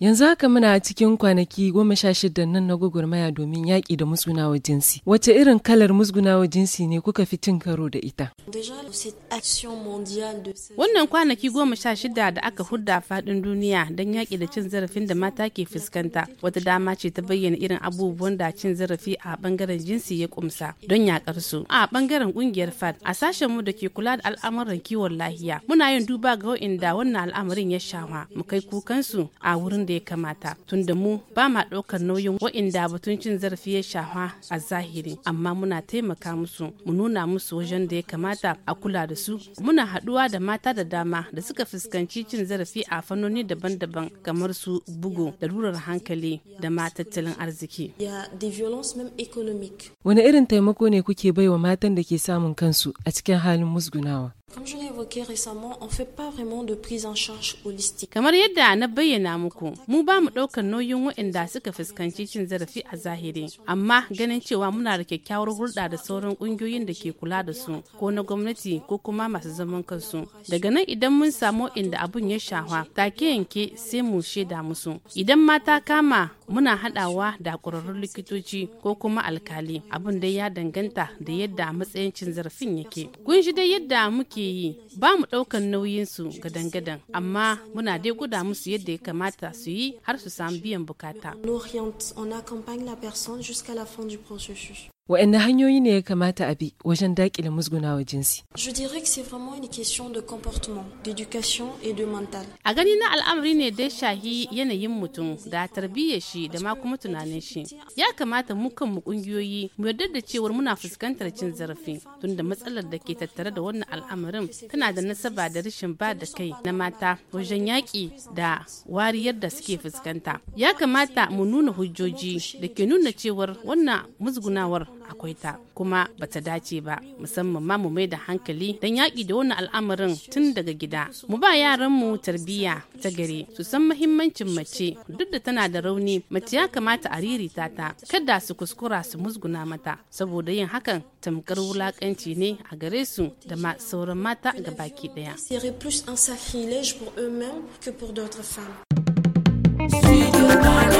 Yanzu haka muna cikin kwanaki goma sha shida nan na gwagwarmaya domin yaƙi da musgunawa jinsi. Wace irin kalar musgunawa jinsi ne kuka fi cin karo da ita? Wannan kwanaki goma sha shida da aka hudda faɗin duniya don yaƙi da cin zarafin da mata ke fuskanta wata dama ce ta bayyana irin abubuwan da cin zarafi a bangaren jinsi ya kumsa don yaƙar su. A bangaren ƙungiyar FAD a sashen mu da ke kula da al'amuran kiwon lahiya muna yin duba ga wa'inda wannan al'amarin ya shawa mu kai kukansu a wurin da ya kamata tunda mu ba ma ɗaukar nauyin wa'inda batun cin zarafi ya shafa a zahiri amma muna taimaka musu mu nuna musu wajen da ya kamata a kula da su muna haɗuwa da mata da dama da suka fuskanci cin zarafi a fannoni daban-daban kamar su bugu larurar hankali da ma tattalin arziki wani irin taimako ne kuke baiwa matan da ke samun kansu a cikin halin musgunawa Comme je l'ai évoqué récemment, on fait pas vraiment de prise en charge holistique. Kamar yadda na bayyana muku, mu ba mu ɗaukar nauyin waɗanda suka fuskanci cin zarafi a zahiri, amma ganin cewa muna da kyakkyawar hulɗa da sauran ƙungiyoyin da ke kula da su, ko na gwamnati ko kuma masu zaman kansu. Daga nan idan mun samu inda abun ya shafa, take yanke sai mu shaida musu. Idan mata kama muna haɗawa da ƙwararrun likitoci ko kuma alkali, abun dai ya danganta da yadda matsayin cin zarafin yake. Kun shi dai yadda muke suke yi ba mu ɗaukan nauyinsu gadan-gadan amma muna dai guda musu yadda ya kamata su yi har su samu biyan bukata. waɗanne hanyoyi ne ya kamata a bi wajen daƙile musgunawa jinsi? Je dirais que c'est vraiment une question de comportement, d'éducation et de mental. A gani na al'amari ne dai shahi yanayin mutum da tarbiyyar shi da ma kuma tunanin shi. Ya kamata mu kanmu kungiyoyi mu yarda da cewar muna fuskantar cin zarafi tunda matsalar da ke tattare da wannan al'amarin tana da nasaba da rashin ba da kai na mata wajen yaƙi da wariyar da suke fuskanta. Ya kamata mu nuna hujjoji da ke nuna cewar wannan musgunawar akwai ta kuma bata dace ba musamman ma mu mai da hankali don yaƙi da wani al'amarin tun daga gida mu ba yaran mu tarbiyya ta gare su san muhimmancin mace duk da tana da rauni mace ya kamata a ririta ta kada su kuskura su musguna mata saboda yin hakan tamkar wulakanci ne a gare su da ma sauran mata ga baki daya Studio Ghana.